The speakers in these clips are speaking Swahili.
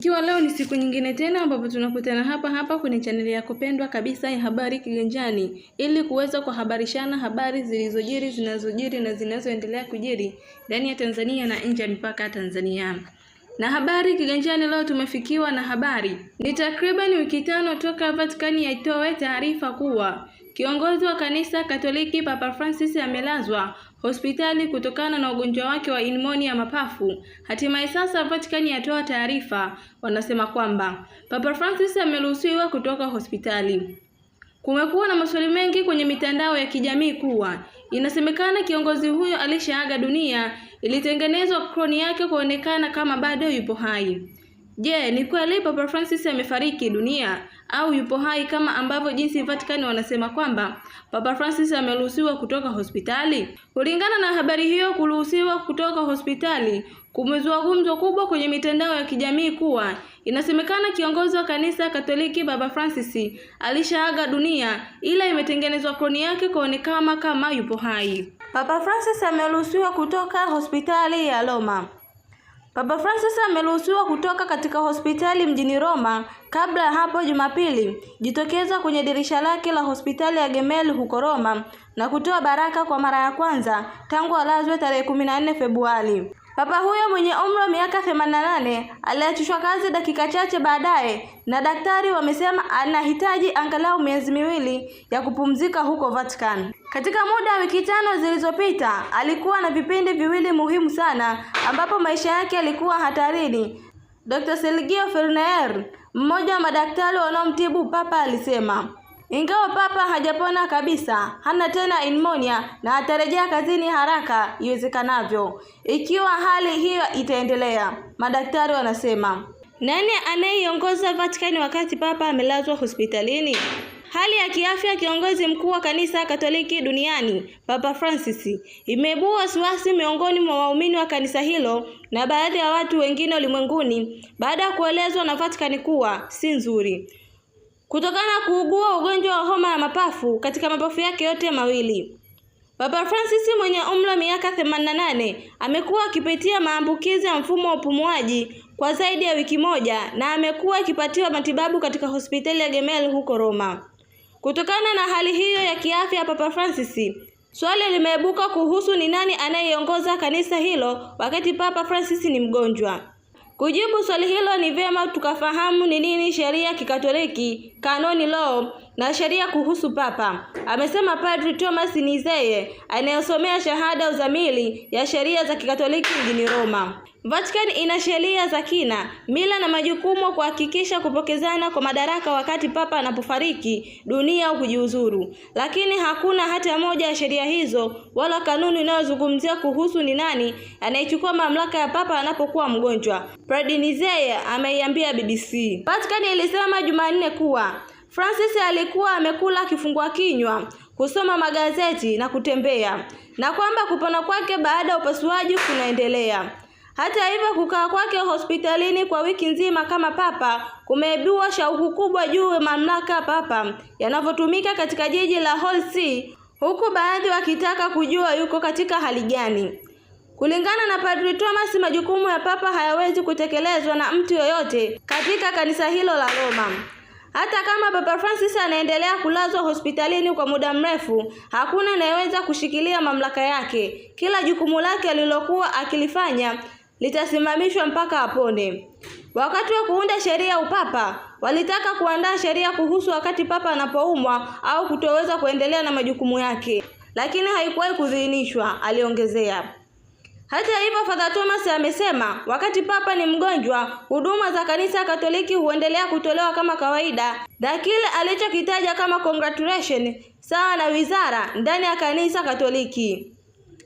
Ikiwa leo ni siku nyingine tena ambapo tunakutana hapa hapa kwenye chaneli yako pendwa kabisa ya Habari Kiganjani ili kuweza kuhabarishana habari zilizojiri, zinazojiri na zinazoendelea kujiri ndani ya Tanzania na nje ya mipaka ya Tanzania. Na habari kiganjani leo tumefikiwa na habari ni takriban wiki tano toka Vatikani yaitoe taarifa kuwa Kiongozi wa kanisa Katoliki Papa Francis amelazwa hospitali kutokana na ugonjwa wake wa imoni ya mapafu. Hatimaye sasa Vatican yatoa taarifa, wanasema kwamba Papa Francis ameruhusiwa kutoka hospitali. Kumekuwa na maswali mengi kwenye mitandao ya kijamii kuwa inasemekana kiongozi huyo alishaaga dunia, ilitengenezwa kroni yake kuonekana kama bado yupo hai. Je, ni kweli Papa Francis amefariki dunia au yupo hai kama ambavyo jinsi Vatican wanasema kwamba Papa Francis ameruhusiwa kutoka hospitali? Kulingana na habari hiyo, kuruhusiwa kutoka hospitali kumezua gumzo kubwa kwenye mitandao ya kijamii kuwa inasemekana kiongozi wa kanisa Katoliki Papa Francis alishaaga dunia, ila imetengenezwa kroni yake kuonekana kama yupo hai. Papa Francis ameruhusiwa kutoka hospitali ya Roma. Papa Francis ameruhusiwa kutoka katika hospitali mjini Roma. Kabla ya hapo Jumapili, jitokeza kwenye dirisha lake la hospitali ya Gemelli huko Roma na kutoa baraka kwa mara ya kwanza tangu alazwe tarehe 14 Februari. Papa huyo mwenye umri wa miaka 88 aliachishwa kazi dakika chache baadaye na daktari wamesema anahitaji angalau miezi miwili ya kupumzika huko Vatican. Katika muda wa wiki tano zilizopita, alikuwa na vipindi viwili muhimu sana ambapo maisha yake yalikuwa hatarini. Dr. Sergio Ferner, mmoja wa madaktari wanaomtibu papa, alisema. Ingawa Papa hajapona kabisa, hana tena nimonia na atarejea kazini haraka iwezekanavyo, ikiwa hali hiyo itaendelea, madaktari wanasema. Nani anayeiongoza Vatican wakati Papa amelazwa hospitalini? Hali ya kiafya kiongozi mkuu wa kanisa Katoliki duniani Papa Francis imeibua wasiwasi miongoni mwa waumini wa kanisa hilo na baadhi ya watu wengine ulimwenguni baada ya kuelezwa na Vatican kuwa si nzuri kutokana na kuugua ugonjwa wa homa ya mapafu katika mapafu yake yote mawili. Papa Francis mwenye umri wa miaka 88 amekuwa akipitia maambukizi ya mfumo wa upumuaji kwa zaidi ya wiki moja na amekuwa akipatiwa matibabu katika hospitali ya Gemelli huko Roma. Kutokana na hali hiyo ya kiafya ya Papa Francis, swali limeibuka kuhusu ni nani anayeongoza kanisa hilo wakati Papa Francis ni mgonjwa. Kujibu swali hilo ni vyema tukafahamu ni nini sheria Kikatoliki, kanoni law, na sheria kuhusu Papa, amesema Padri Thomas Nizeye anayesomea shahada uzamili ya sheria za Kikatoliki mjini Roma. Vatican ina sheria za kina, mila na majukumu kuhakikisha kupokezana kwa madaraka wakati Papa anapofariki dunia au kujiuzuru, lakini hakuna hata moja ya sheria hizo wala kanuni inayozungumzia kuhusu ni nani anayechukua mamlaka ya Papa anapokuwa mgonjwa, Padri Nizeye ameiambia BBC. Vatican ilisema Jumanne kuwa Francis alikuwa amekula kifungua kinywa, kusoma magazeti na kutembea, na kwamba kupona kwake baada ya upasuaji kunaendelea. Hata hivyo, kukaa kwake hospitalini kwa wiki nzima kama papa kumeibua shauku kubwa juu mamlaka papa yanavyotumika katika jiji la Holy See, huku baadhi wakitaka kujua yuko katika hali gani. Kulingana na Padri Thomas, majukumu ya papa hayawezi kutekelezwa na mtu yoyote katika kanisa hilo la Roma. Hata kama Papa Francis anaendelea kulazwa hospitalini kwa muda mrefu, hakuna anayeweza kushikilia mamlaka yake. Kila jukumu lake alilokuwa akilifanya litasimamishwa mpaka apone. Wakati wa kuunda sheria ya upapa, walitaka kuandaa sheria kuhusu wakati papa anapoumwa au kutoweza kuendelea na majukumu yake, lakini haikuwahi kudhinishwa, aliongezea. Hata hivyo Father Thomas amesema wakati papa ni mgonjwa, huduma za kanisa Katoliki huendelea kutolewa kama kawaida, na kile alichokitaja kama congratulation sawa na wizara ndani ya kanisa Katoliki.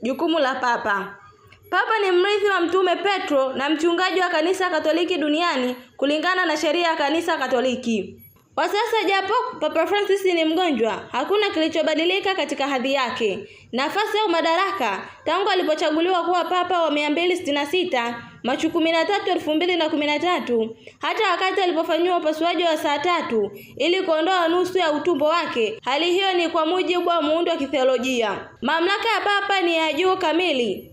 Jukumu la papa. Papa ni mrithi wa Mtume Petro na mchungaji wa kanisa Katoliki duniani kulingana na sheria ya kanisa Katoliki. Kwa sasa japo Papa Francis ni mgonjwa, hakuna kilichobadilika katika hadhi yake, nafasi au madaraka tangu alipochaguliwa kuwa papa wa 266 Machi 13, 2013 hata wakati alipofanyiwa upasuaji wa saa tatu ili kuondoa nusu ya utumbo wake. Hali hiyo ni kwa mujibu wa muundo wa kitheolojia. Mamlaka ya papa ni ya juu kamili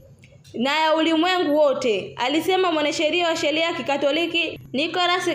na ya ulimwengu wote, alisema mwanasheria wa sheria ya Kikatoliki Nicholas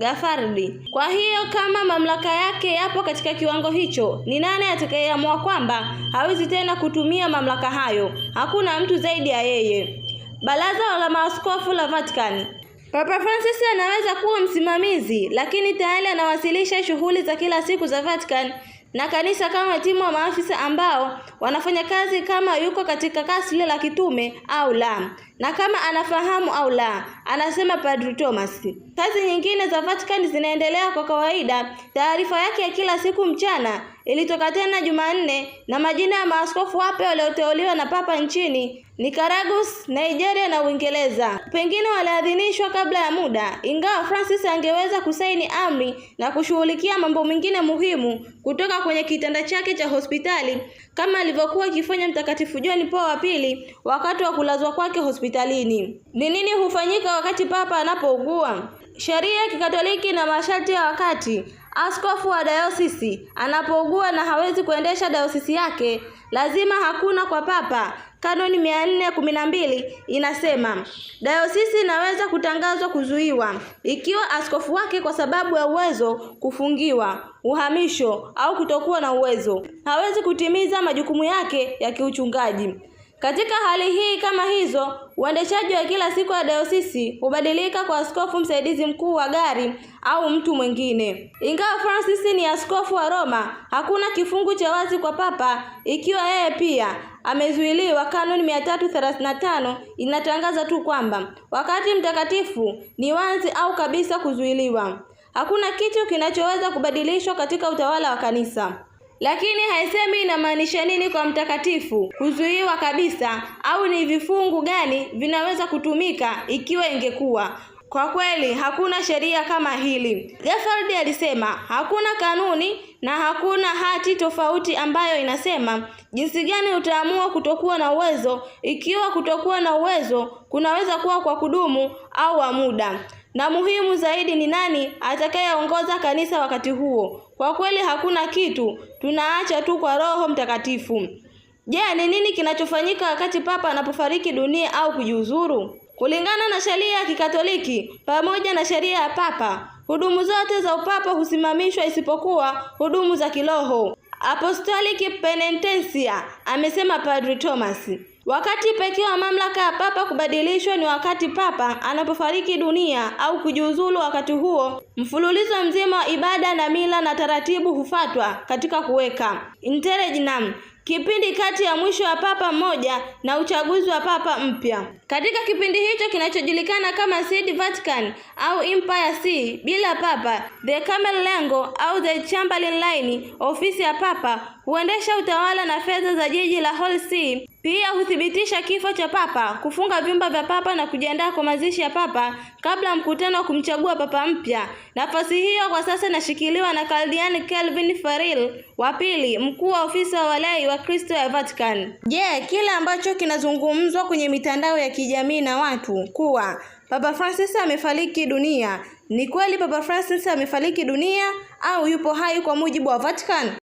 Gafardi. Kwa hiyo kama mamlaka yake yapo katika kiwango hicho, ni nani atakayeamua kwamba hawezi tena kutumia mamlaka hayo? Hakuna mtu zaidi ya yeye. Baraza la Maaskofu la Vatican. Papa Francis anaweza kuwa msimamizi, lakini tayari anawasilisha shughuli za kila siku za Vatican na kanisa kama timu wa maafisa ambao wanafanya kazi kama yuko katika kasi la kitume au la, na kama anafahamu au la, anasema Padri Thomas. Kazi nyingine za Vatican zinaendelea kwa kawaida, taarifa yake ya kila siku mchana ilitoka tena Jumanne na majina ya maaskofu wapya walioteuliwa na Papa nchini Nikaragus, Nigeria na Uingereza pengine waliadhinishwa kabla ya muda, ingawa Francis angeweza kusaini amri na kushughulikia mambo mengine muhimu kutoka kwenye kitanda chake cha hospitali kama alivyokuwa akifanya Mtakatifu John Paul wa pili wakati wa kulazwa kwake hospitalini. Ni nini hufanyika wakati papa anapougua? Sheria ya Kikatoliki na masharti ya wakati Askofu wa dayosisi anapougua na hawezi kuendesha dayosisi yake, lazima hakuna kwa papa. Kanoni mia nne kumi na mbili inasema dayosisi inaweza kutangazwa kuzuiwa ikiwa askofu wake kwa sababu ya uwezo, kufungiwa, uhamisho au kutokuwa na uwezo hawezi kutimiza majukumu yake ya kiuchungaji. Katika hali hii kama hizo, uendeshaji wa kila siku wa dayosisi hubadilika kwa askofu msaidizi mkuu wa gari au mtu mwingine. Ingawa Francis ni askofu wa Roma, hakuna kifungu cha wazi kwa papa ikiwa yeye pia amezuiliwa. Kanuni 335 inatangaza tu kwamba wakati mtakatifu ni wazi au kabisa kuzuiliwa. Hakuna kitu kinachoweza kubadilishwa katika utawala wa kanisa lakini haisemi inamaanisha nini kwa mtakatifu, kuzuiwa kabisa, au ni vifungu gani vinaweza kutumika ikiwa ingekuwa kwa kweli hakuna sheria kama hili. Gafardi alisema hakuna kanuni na hakuna hati tofauti ambayo inasema jinsi gani utaamua kutokuwa na uwezo, ikiwa kutokuwa na uwezo kunaweza kuwa kwa kudumu au wa muda na muhimu zaidi ni nani atakayeongoza kanisa wakati huo. Kwa kweli hakuna kitu, tunaacha tu kwa Roho Mtakatifu. Je, ni nini kinachofanyika wakati papa anapofariki dunia au kujiuzuru? Kulingana na sheria ya Kikatoliki pamoja na sheria ya papa, hudumu zote za upapa husimamishwa isipokuwa hudumu za kiroho. Apostolic Penitentia, amesema Padri Thomas. Wakati pekee wa mamlaka ya papa kubadilishwa ni wakati papa anapofariki dunia au kujiuzulu. Wakati huo mfululizo mzima wa ibada na mila na taratibu hufatwa katika kuweka interregnum, kipindi kati ya mwisho wa papa mmoja na uchaguzi wa papa mpya. Katika kipindi hicho kinachojulikana kama Sede Vatican au Empire C bila papa, the Lengo au the Chamberlain Line, ofisi ya papa huendesha utawala na fedha za jiji la Holy See pia huthibitisha kifo cha Papa, kufunga vyumba vya Papa na kujiandaa kwa mazishi ya Papa kabla ya mkutano wa kumchagua Papa mpya. Nafasi hiyo kwa sasa inashikiliwa na Kaldiani Kelvin Faril wa pili, mkuu wa ofisi wa walei wa Kristo ya Vatican. Je, yeah, kile ambacho kinazungumzwa kwenye mitandao ya kijamii na watu kuwa Papa Francis amefariki dunia. Ni kweli Papa Francis amefariki dunia au yupo hai kwa mujibu wa Vatican?